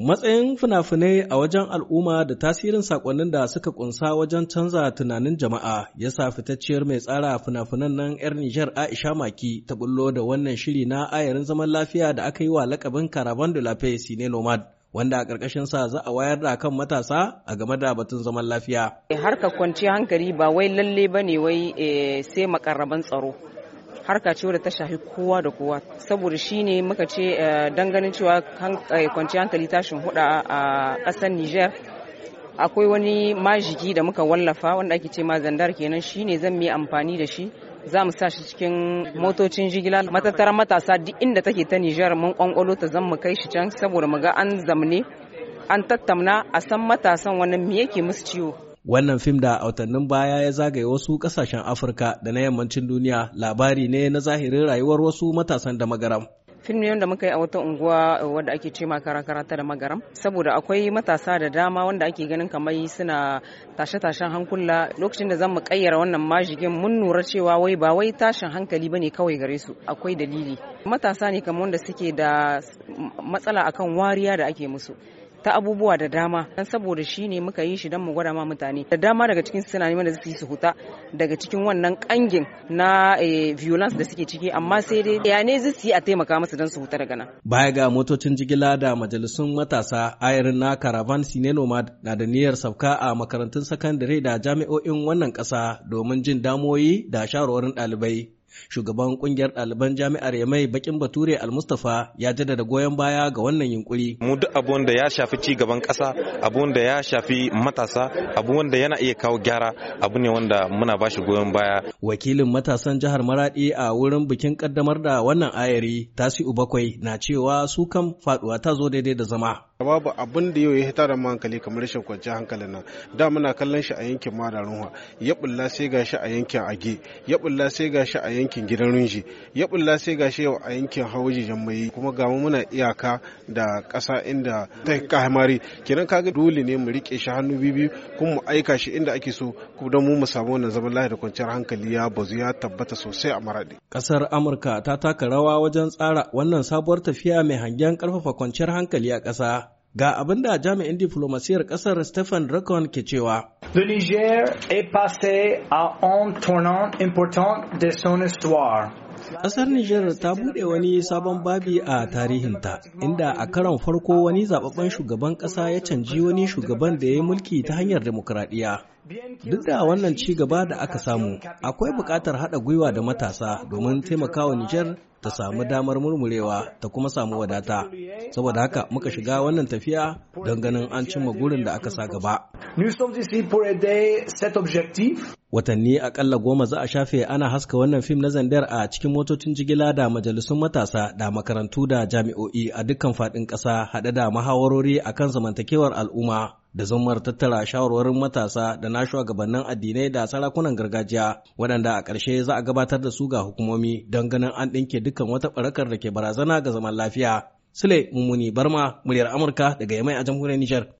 Matsayin fina-finai a wajen al'umma da tasirin sakonnin da suka ƙunsa wajen canza tunanin jama'a ya sa fitacciyar mai tsara fina-finan nan 'yar Nijar Aisha Maki ta bullo da wannan shiri na ayarin zaman lafiya da aka yi wa lakabin Caravan de la Paix Sine Nomad. wanda a ƙarƙashin sa za a wayar da kan matasa a game da batun zaman lafiya. Harka kwanci hankali ba wai lalle ba ne wai eh, sai makarraban tsaro. harka ce wadda ta shafi kowa da kowa saboda shi ne muka ce eh, ganin cewa eh, kwanci hankali tashin hudu a ƙasar niger akwai wani majigi da muka wallafa wanda ake ce ma zandar kenan shi ne zan amfani da shi za mu sa shi cikin motocin jigila matattarar matasa duk inda take ta niger mun kwankwalo ta zan mu kai shi can saboda mu ga an zamne an tattamna a san matasan wani me yake musu ciwo Wannan fim da autannin baya ya zagaye wasu kasashen Afirka da na yammacin duniya labari ne na zahirin rayuwar wasu matasan da magaram. Fim ne wanda muka yi a wata unguwa eh, wadda ake ce makara ta da magaram saboda akwai matasa da dama wanda ake ganin kamar suna tashe-tashen hankula lokacin da zan mu kayyara wannan majigin mun nura cewa wai ba wai tashin hankali bane kawai gare su akwai dalili matasa ne kamar wanda suke da matsala akan wariya da ake musu ta abubuwa da dama dan saboda shi ne muka yi shi dan mu gwada ma mutane da dama daga cikin suna neman da su huta daga cikin wannan kangin na eh, violence da suke ciki amma sai dai ya ne zai yi a taimaka musu dan su huta daga nan baya ga motocin jigila da majalisun matasa ayarin na caravan sine nomad na da niyyar sauka a makarantun sakandare da jami'o'in wannan kasa domin jin damoyi da shawarwarin ɗalibai Shugaban kungiyar ɗaliban jami'ar Yamai Bakin Bature Almustafa ya jaddada goyon baya ga wannan yunkuri. Mu duk abun da ya shafi ci gaban ƙasa, abun da ya shafi matasa, abu wanda yana iya kawo gyara, abu ne wanda muna ba goyon baya. Wakilin matasan jihar Maradi a wurin bikin kaddamar da wannan ayari Tasi'u Bakwai na cewa su kam faduwa ta zo daidai da zama. babu abin da yau ya hita da hankali kamar rashin kwanciyar hankalin nan da muna kallon shi a yankin madarunwa ya bulla sai gashi a yankin age ya bulla sai gashi a yankin gidan runji ya bulla sai shi yau a yankin hawaji jammayi kuma ga muna iyaka da ƙasa inda ta kamari kenan kaga dole ne mu rike shi hannu bibi kuma mu aika shi inda ake so kuma don mu mu samu wannan zaman lafiya da kwanciyar hankali ya bazu ya tabbata sosai a maradi ƙasar amurka ta taka rawa wajen tsara wannan sabuwar tafiya mai hangen ƙarfafa kwanciyar hankali a ƙasa Ga abin da jami'in diflomasiyar ƙasar Stephen Rakon ke cewa. Le Niger est passé à un tournant important de son histoire. Ƙasar Nijar ta buɗe wani sabon babi a tarihinta, inda a karon farko wani zababben shugaban ƙasa ya canji wani shugaban da ya yi mulki ta hanyar demokuraɗiyya. Duk da wannan ci gaba da aka samu, akwai buƙatar haɗa gwiwa da matasa domin taimakawa Nijar ta samu damar murmurewa ta kuma samu wadata saboda haka muka shiga wannan tafiya don ganin an cimma gurin da aka sa gaba watanni akalla goma za a shafe ana haska wannan fim na zandar a cikin motocin jigila da majalisun matasa da makarantu da jami'o'i a dukkan faɗin ƙasa haɗe da mahawarori akan zamantakewar al'umma da zumar tattara shawarwarin matasa da na shugabannin addinai da sarakunan gargajiya waɗanda a ƙarshe za a gabatar da su ga hukumomi don ganin an ɗinke dukkan wata ɓarakar da ke barazana ga zaman lafiya. Sule Mummuni Barma, muryar Amurka daga Yamai a jamhuriyar Nijar.